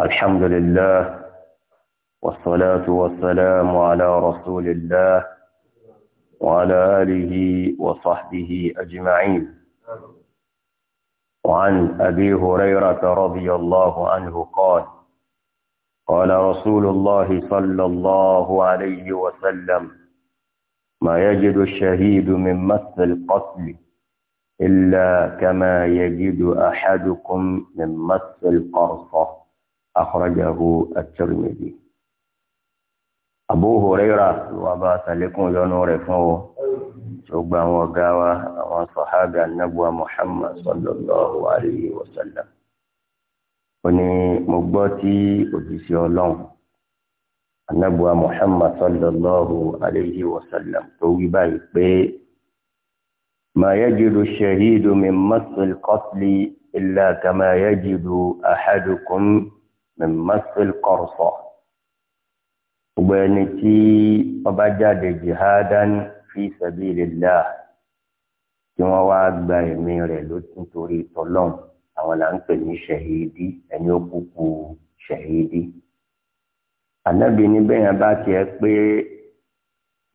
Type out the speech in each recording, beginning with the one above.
الحمد لله والصلاة والسلام على رسول الله وعلى آله وصحبه أجمعين وعن أبي هريرة رضي الله عنه قال قال رسول الله صلى الله عليه وسلم ما يجد الشهيد من مس القتل إلا كما يجد أحدكم من مس القرصة akhrajahu at-Tirmidhi. Abu Huraira wà bá sàlékún yọnu rẹ̀ fún ọ tí ó gba àwọn ọ̀gá wa àwọn sàhábà nàbùwà Muhammad sallallahu alayhi wa sallam. ó ní mo gbọ́ tí òjíṣẹ́ ọlọ́run anabuwa muhammad sallallahu alayhi wa sallam tó wí báyìí pé ma yajidu shahidu min masil qatli illa kama yajidu ahadukum mẹ́mọ́sílì kọ́rọ̀sọ̀ gbogbo ẹni tí ọba jáde jihadan fi sabilillah tí wọ́n wá gba ẹ̀mí rẹ̀ ló tún torí tọ́lọ́n àwọn là ń pè ní ṣẹ̀hídì ẹni ó kúkú ṣẹ̀hídì. ànábì níbẹ̀ yẹn bá tiẹ̀ pé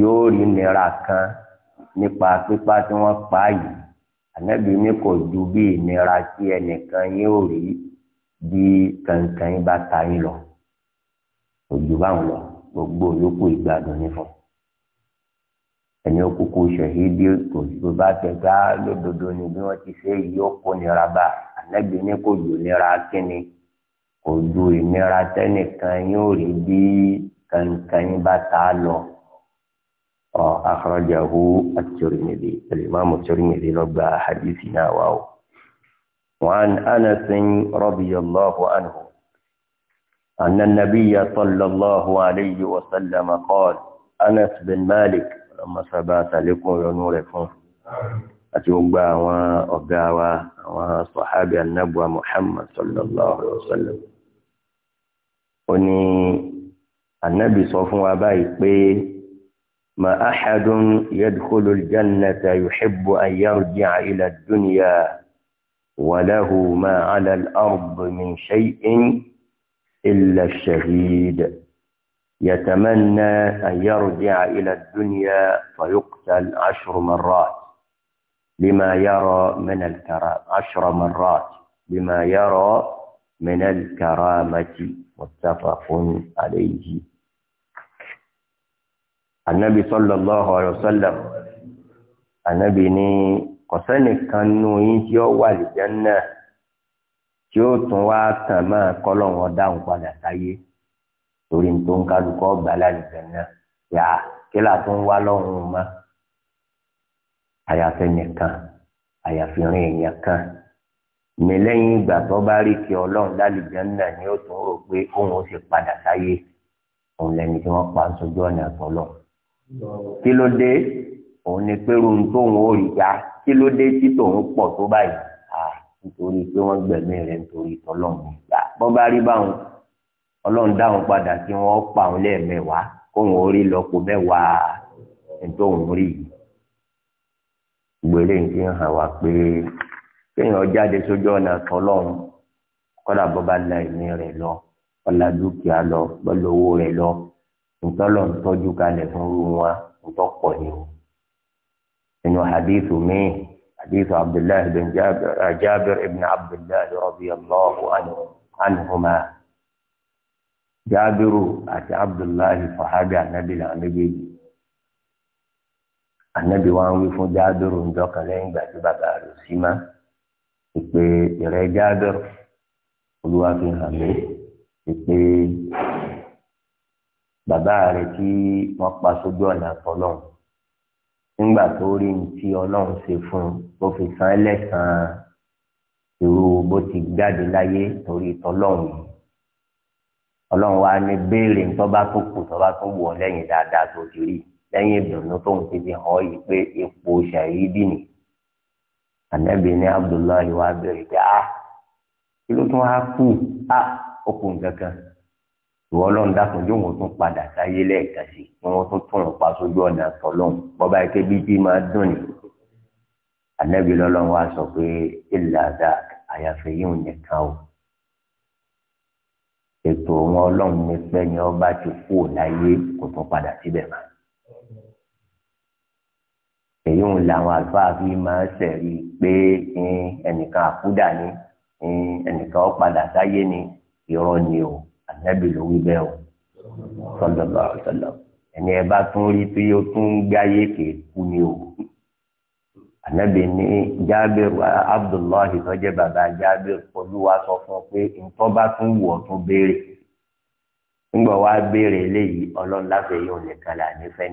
yóò rí nira kan nípa pípa tí wọ́n pa yìí ànábì ní kò ju bí ìnira tí ẹnìkan yóò rí bí kankan bá ta yín lọ òjò báwọn lọ gbogbo yòókù ìgbádùn ní fún ẹni òkúkú ṣèhídì kò tó bá tẹgá lódodo ni bí wọn ti ṣe yíyó kó nira bá ànágbé ní kò jò nira kíni kò ju ìnira tẹnìkan yóò rí bí kankan bá ta lọ ọ akhrajahu at-Tirmidhi al-Imam at-Tirmidhi ló gbà hadisi náà wá o. وعن أنس رضي الله عنه أن النبي صلى الله عليه وسلم قال أنس بن مالك لما سبات لكم ونوركم أتوقع وأقع وصحابي النبوة محمد صلى الله عليه وسلم وني النبي صلى الله عليه وسلم ما أحد يدخل الجنة يحب أن يرجع إلى الدنيا وله ما على الأرض من شيء إلا الشهيد يتمنى أن يرجع إلى الدنيا فيقتل عشر مرات لما يرى من الكرامة عشر مرات لما يرى من الكرامة متفق عليه النبي صلى الله عليه وسلم النبي kọ̀sẹ́nìkan nu yín tí ó wà lìjẹ́ náà tí ó tún wá tàn máa kọ́lọ́wọ́n dáhùn padà sáyé torí tó ń kálukọ́ gbàlá lìjẹ́ náà yà kí là tó ń wá lọ́rùn mọ́ àyàfẹ́ nìkan àyàfihàn èèyàn kan ní lẹ́yìn ìgbà tó bá rí ti ọlọ́run lálùjẹ́ náà ni ó tún rò pé òun ó sì padà sáyé òun lẹ́ni tí wọ́n pa sójú ọ̀nà àtọ́lọ́ kí ló dé òun ni pé irun tóun ò rí ya kí ló dé tí tòun pọ̀ tó báyìí nítorí pé wọ́n gbẹ̀mí rẹ̀ nítorí tọ́lọ́mù ìgbà bọ́ bá rí báwọn ọlọ́run dáhùn padà kí wọ́n pa òun lẹ́ẹ̀mẹ́wàá kóun ó rí lọ́pọ̀ mẹ́wàá nítorí òun rí yìí gbèrè ń fi hàn wá pé kéèyàn jáde sójú ọ̀nà tọ́lọ́run kọ́dà bọ́ bá la ẹ̀mí rẹ̀ lọ ọ̀la dúkìá lọ pẹ̀lú rẹ̀ lọ ntọ́lọ́run tọ́jú kalẹ̀ fún wọn ntọ́pọ̀ ni o. إنه حديث مين حديث عبد الله بن جابر جابر بن عبد الله رضي الله عنه عنهما جابر أتى عبد الله صحابي النبي العمدي النبي وان ويفون جابر ندوك لين باتي بابا رسيما ìpè ìrẹ jábẹrù olúwa fi hàn mí ìpè bàbá rẹ tí wọn pa sójú ọ̀nà àtọ́lọ́hún nígbà tó rí ní tí ọlọ́run ṣe fún un ó fi san lẹ́sàn-án irú bó ti jáde láyé torí tọlọ́run yìí ọlọ́run wa ní béèrè ńtọ́ba tó kù tọ́ba tó wọ̀ lẹ́yìn dáadáa tó ti rí lẹ́yìn ìdùnnú tó ń ti fi hàn yìí pé ipò ṣàyídì ni ànábì ní Abdullahi wa béèrè pé a ah, kí ló tún wá kù a ah, ó kù nǹkan kan ìwọ ọlọ́run dákun jó wọn tún padà sáyé lẹ́ẹ̀kan sí wọn tún tún wọn pa sójú ọ̀nà tọ́lọ́hún bọ́bá ike bíbí máa dùn ní. ànábì lọ́lọ́run wá sọ pé ìlà dá àyàfi yíò nìkan o. ètò wọn ọlọ́run ní pẹ́ ni ọba ti kú láyé kò tún padà síbẹ̀ mọ́. èyí ń làwọn àlùfáà fi máa ń sẹ̀rí pé ẹnìkan àkúdà ni ẹnìkan ó sáyé ni irọ́ ni o ànábì ló wí bẹ́ẹ̀ o sallallahu alaihi wasallam ẹni ẹ bá tún rí pé ó tún ń gbáyé kè é kú ni o ànábì ní jábìrì abdullahi tó jẹ́ bàbá jábìrì olúwa sọ fún un pé nǹkan bá tún wù ọ́ tún béèrè ńgbọ̀ wá béèrè eléyìí ọlọ́run láfẹ́ yóò nìkan là ní fẹ́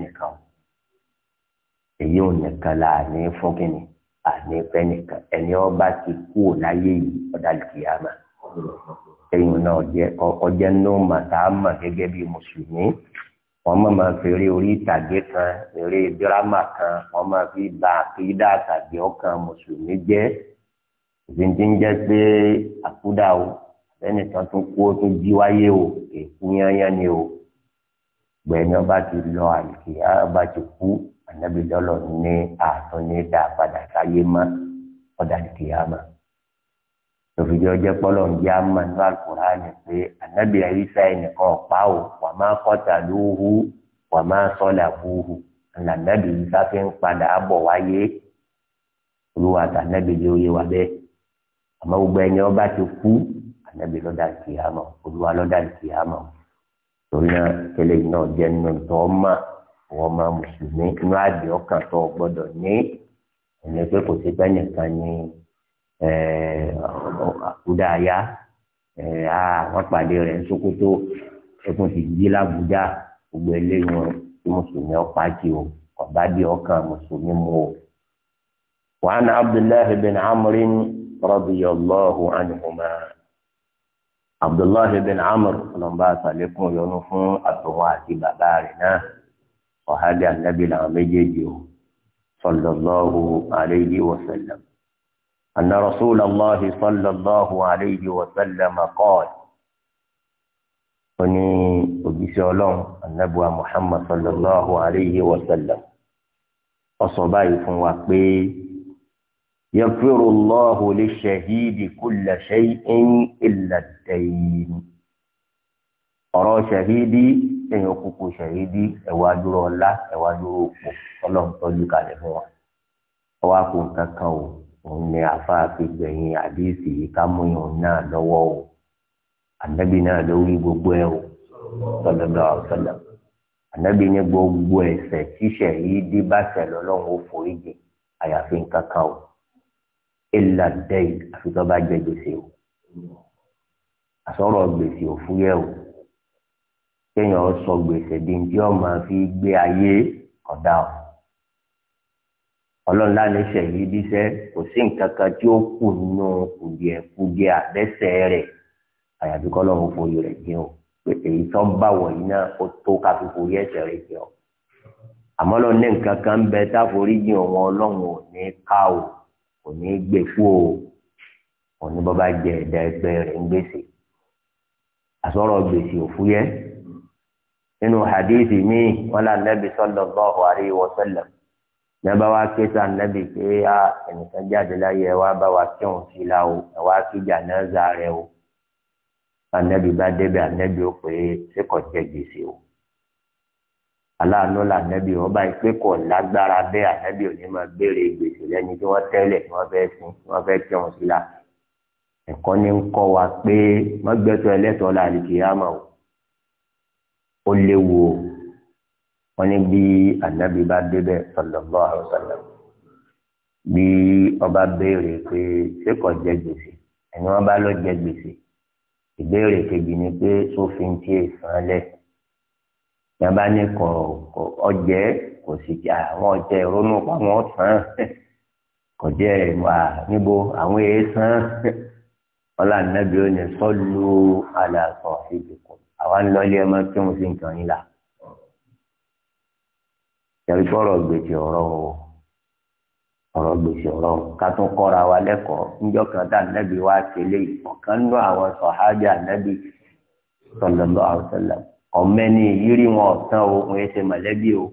èyí ò nìkan là ní fún kínní àní fẹ́ ẹni ọba ti kú ò láyé yìí ọ̀dàlùkìyàmà kéyìn náà jẹ ọjẹ nínú màtáàmà gẹ́gẹ́ bí mùsùlùmí wọn máa ma fi eré orí ìtàgé kan eré dírámà kan wọn máa fi ba àkídá àtàgé ọkàn mùsùlùmí jẹ ìdíjí ń jẹ pé àkúdà o lẹ́nìkan tún kú ó tún jí wáyé o èkú yányán ni o gbẹ̀yìn ọba ti lọ àlùkì ọba ti kú ànábìlọ́lọ́ ní àtúnyẹ́dá padà sáyé má ọ̀dà àlùkì yá má tòfìjọ jẹ pọlọ ń jẹ àmà ní alukurani pé anabi ayisa ẹnìkan ọ̀pá o wà má kọta lóhu wà má sọlá búhu anabi ayisa fi ń padà bọ̀ wáyé olúwa tà anabi yóò yé wa bẹ́ẹ̀ àmọ́ gbogbo ẹni ọba ti kú anabi lọ́dà kìámà olúwa lọ́dà kìámà torí náà kẹlẹ́ náà jẹ́ nínú tọ́ ma wọ́n mùsùlùmí inú àdìọ́ kan tó gbọ́dọ̀ ní ẹni pé kò sí pẹ́ nìkan ní. àkúdàáyá eh, eh, wọ́n pàdé rẹ̀ ní Sokoto ẹkùn ti jí làbújá gbogbo eléyìí wọn tí mùsùlùmí ọ̀pá ti o ọ̀bá di ọkàn mùsùlùmí mu o. وعن عبد الله بن عمرو رضي الله عنهما عبد الله بن عمرو أن رسول الله صلى الله عليه وسلم قال oni òjíṣẹ́ ọlọ́run anabuwa muhammad sallallahu alayhi wa sallam ó sọ báyìí fún wa pé yaghfiru Allahu lish-shahidi kulla shay'in illa ad-dayn ọ̀rọ̀ ṣahidi ẹ̀yìn òkùnkù ṣahidi ẹ̀wà dúró ọlá ẹ̀wà dúró òpó ọlọ́run tọ́jú kalẹ̀ fún wa ọwọ́ àpò nǹkan kan o òun ni àfáàfi gbẹ̀yìn àdéhìsì yìí ká mú ìhun náà lọ́wọ́ o ànábì náà ló wí gbogbo ẹ o sọlọ́dọ̀ ọ̀sọ̀lọ̀ ànábì ní gbogbo ẹ̀ṣẹ̀ tíṣẹ̀ yìí dé bá ṣẹ̀ lọ́lọ́run ó foríjì àyàfi nǹkan kan o ìlà dẹ́yì àfi tó bá jẹ gbèsè o àsọ̀rọ̀ gbèsè ò fúyẹ́ o kéèyàn sọ gbèsè di tí ó máa fi gbé ayé ọ̀dà o ọlọ́run lánàá ṣẹ̀yí bíṣẹ́ kò sí nǹkan kan tí ó kù nínú kùdìẹ̀kùdìẹ̀ àbẹ́sẹ̀ rẹ̀ àyàfi kọ́ lọ́run forí rẹ̀ jẹ́ o pé èyí tó bá wọ̀nyí náà ó tó ká fi forí ẹ̀ṣẹ̀ rẹ̀ jẹ́ o àmọ́ lọ ní nǹkan kan ń bẹ táforí jìn òun ọlọ́run ò ní ká o kò ní gbè fún o kò ní bọ́ bá jẹ ẹ̀dá ẹgbẹ́ rẹ̀ ń gbèsè àsọ̀rọ̀ gbèsè òfúyẹ́ nínú hadith míì wọn là nẹ́bi sallallahu alaihi lẹ́bà wa ké sa nẹ́bi pé a ẹnìkan jáde láyé ẹ wá bá wa kírun sí la o ẹ wá kí jànáza rẹ o anẹ́bi bá débi anẹ́bi ó pé ṣé kò jẹ gbèsè o aláàánú la anẹ́bi ọba ìpè kò lágbára bẹ́ẹ̀ anẹ́bi ò máa béèrè gbèsè lẹ́ni tí wọ́n tẹ́lẹ̀ tí wọ́n fẹ́ sin tí wọ́n sí la ẹ̀kọ́ ni ń kọ́ wa pé mọ́gbẹ́sọ ẹlẹ́tọ̀ọ́ la àlìkìyàmọ̀ o ó léwu o wọ́n ní bí ànábì bá débẹ̀ sallallahu alaihi wasallam bí ọba béèrè pé ṣé kò jẹ gbèsè ẹni wọ́n bá lọ jẹ gbèsè ìbéèrè kejì ni pé sófin tí èèfàn lẹ yaba ní kò kò ọjẹ kò sì jà àwọn ọjẹ ronú pàmò sàn kò jẹ wà níbo àwọn èèsàn ọlá nàbí ó ní sọlù àlàsọ ìdìkù àwọn ńlọlẹ ọmọ tí wọ́n fi ń kàn yín là. tẹ̀rí bọ́rọ̀ gbèsè ọ̀rọ̀ o ọ̀rọ̀ gbèsè ọ̀rọ̀ ká tún kọ́ra wa lẹ́kọ̀ọ́ níjọ́ kan tá nẹ́bí wa tẹ́lẹ̀ ọ̀kan nínú àwọn sọ̀hájà nẹ́bí sọ̀lọ́lọ́ n'i wọn ọ̀sán o wọn mọ̀lẹ́bí o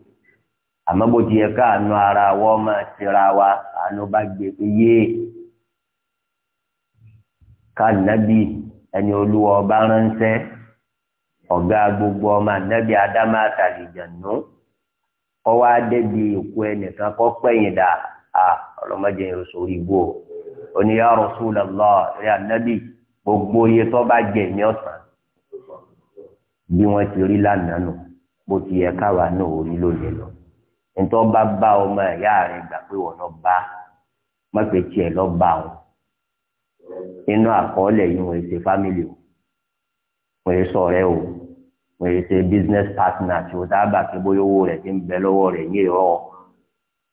àmọ́ bó ti yẹ ara wọ́n máa tira wa àánú bá gbé iye ká ẹni olúwa ọba ránṣẹ́ ọ̀gá gbogbo ọmọ jẹ̀nú. kọ́ wá débi òkú ẹnìkan kọ́ pẹ̀yìn dà á ọlọ́mọdé yẹn sórí ibú o oníyà Rasulullah rẹ̀ ànábì gbogbo iye tó bá jẹ ní ọ̀sán bí wọ́n ti rí lánàá nù bó ti yẹ káwa náà ò rí lónìí lọ ntọ́ bá bá ọmọ ẹ̀yà rẹ̀ gbà pé wọ́n lọ bá mọ̀pẹ́ tiẹ̀ lọ bá wọn inú àkọọ́lẹ̀ yìí wọ́n ṣe fámìlì o ṣe sọ̀rẹ́ o wọ́n yìí ṣe business partner tí o tá a bá pé bóyá owó rẹ̀ ti ń bẹ lọ́wọ́ rẹ̀ ní ìrọ̀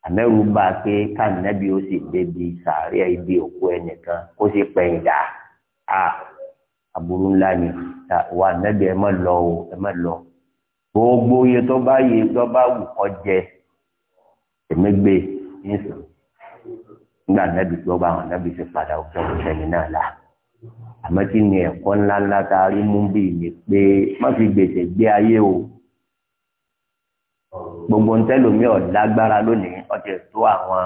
àmẹ́rù bá a pé kànẹ́bí ó sì débi sàárẹ̀ ibi òkú ẹnìkan kó sì pẹ̀yìn dà á aburú ńlá ni wà nẹ́bí ẹ má lọ o ẹ má lọ gbogbo iye tó bá yẹ tó bá wù kọ́ jẹ èmi gbé e nísìnyí nígbà nẹ́bí tó bá wọn nẹ́bí ti padà òkè òkè ní náà la àmọ́ kí ni ẹ̀kọ́ ńláńlá tá a rí mú bí ni pé má fi gbèsè gbé ayé o gbogbo ntẹ́lómi ọ̀dágbára lónìí ọ̀tẹ̀ tó àwọn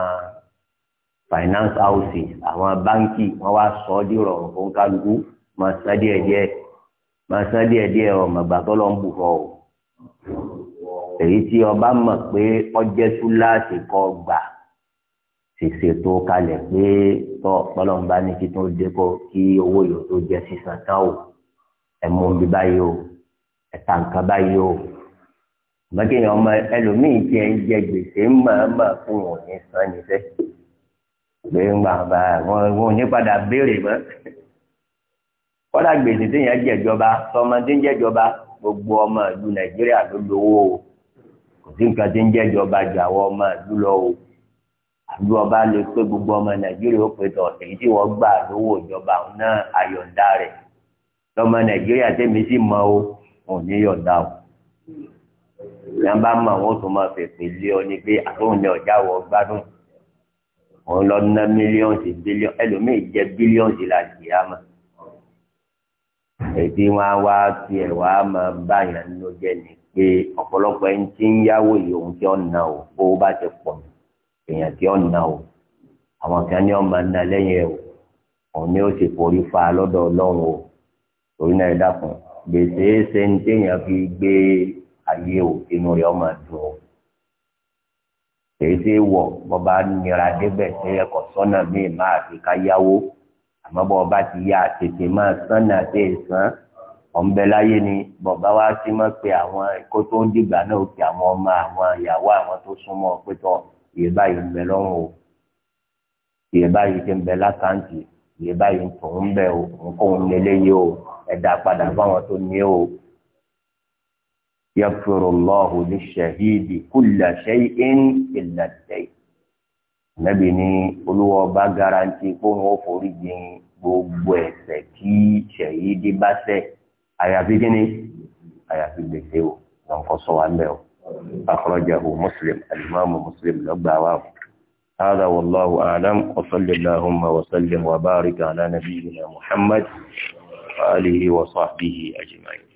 finance houses àwọn báńkì wọ́n wá sọ ọ́ dìrọ̀ òun kálukú máa san díẹ̀ díẹ̀ máa san díẹ̀ díẹ̀ ọmọ ìgbà tó lọ ń bù fọ o èyí tí ọba mọ̀ pé ọjẹ́ súláàsì kọ gbà ṣèṣe tó kalẹ̀ pé tọ́ ọ̀pọ̀lọ́mùbá ní kí tó dé kó kí owó yòó tó jẹ́ sísan tán o ẹ̀mú bí báyìí o ẹ̀ta nǹkan báyìí o mọ́kéèyàn ọmọ ẹlòmíì jẹ́ ń jẹ gbèsè mọ̀ọ́mọ̀ fún òun ní san nífẹ̀ pé ń gbà bá wọn wọn ò ní padà béèrè mọ́ kọ́dà gbèsè téèyàn jẹ̀jọba tọmọ tí ń jẹ̀jọba gbogbo ọmọ ìlú Nàìjíríà ló lówó o kò sí nǹkan tí ń jẹ̀jọba ju àwọn ọmọ ìlú lọ o àbí ọba lè pé gbogbo ọmọ nàìjíríà ó pé tọ èyí tí wọ́n gbà lówó ìjọba òun náà àyọ̀ǹda rẹ̀ lọ́mọ nàìjíríà tẹ́mi sì mọ o òun ní yọ̀ǹda o ìyẹn bá mọ àwọn tó máa fèpè lé ọ ní pé àtúnṣe ọjà wọ gbádùn òun lọ ná mílíọ̀nsì bílíọ̀n ẹlòmíì jẹ bílíọ̀nsì la jì á mọ̀ èdè wọn wá tiẹ̀ wá máa báyàn nínú jẹ ní pé ọ̀pọ̀lọpọ̀ ẹni tí ń yáwó yìí òun tí ó èèyàn tí ọ̀nà o àwọn kan ní ọmọ ẹ̀ná lẹ́yìn ẹ̀ o òun ni ó sì forí fa lọ́dọ̀ ọlọ́run o torí náà ẹ dákun gbèsè ṣe ń téèyàn fi gbé ayé o inú rẹ̀ ọmọ dùn o èyí tí wọ̀ bọ́ba nira débẹ̀ ṣe ẹ̀kọ́ sọ́nà míì máa fi ká yáwó àmọ́ bọ́ba ti yá tètè máa sánà tẹ̀ sán ọ̀nbẹ́láyé ni bọ̀bá wa ti máa pe àwọn kó tó dìgbà náà pe àwọn ọmọ àwọn ìyàwó àwọn tó súnmọ́ pé iye báyìí ń bẹ lọ́rùn o iye báyìí ti ń bẹ lákàntì iye báyìí ń tòun bẹ o nǹkan lélẹ́yìí o ẹ̀dá padà fáwọn tó ní o. يغفر الله للشهيد كل شيء إلا الدين nàbì ni olúwa ọba garanti kó wọn forí jìn gbogbo ẹ̀ṣẹ̀ kí ṣèyí dé bá ṣẹ̀ àyàfi kíni àyàfi gbèsè o lọ́nkọ́ sọ wa ń bẹ̀ o. أخرجه مسلم الإمام مسلم لبعوام هذا والله أعلم وصل اللهم وسلم وبارك على نبينا محمد وآله وصحبه أجمعين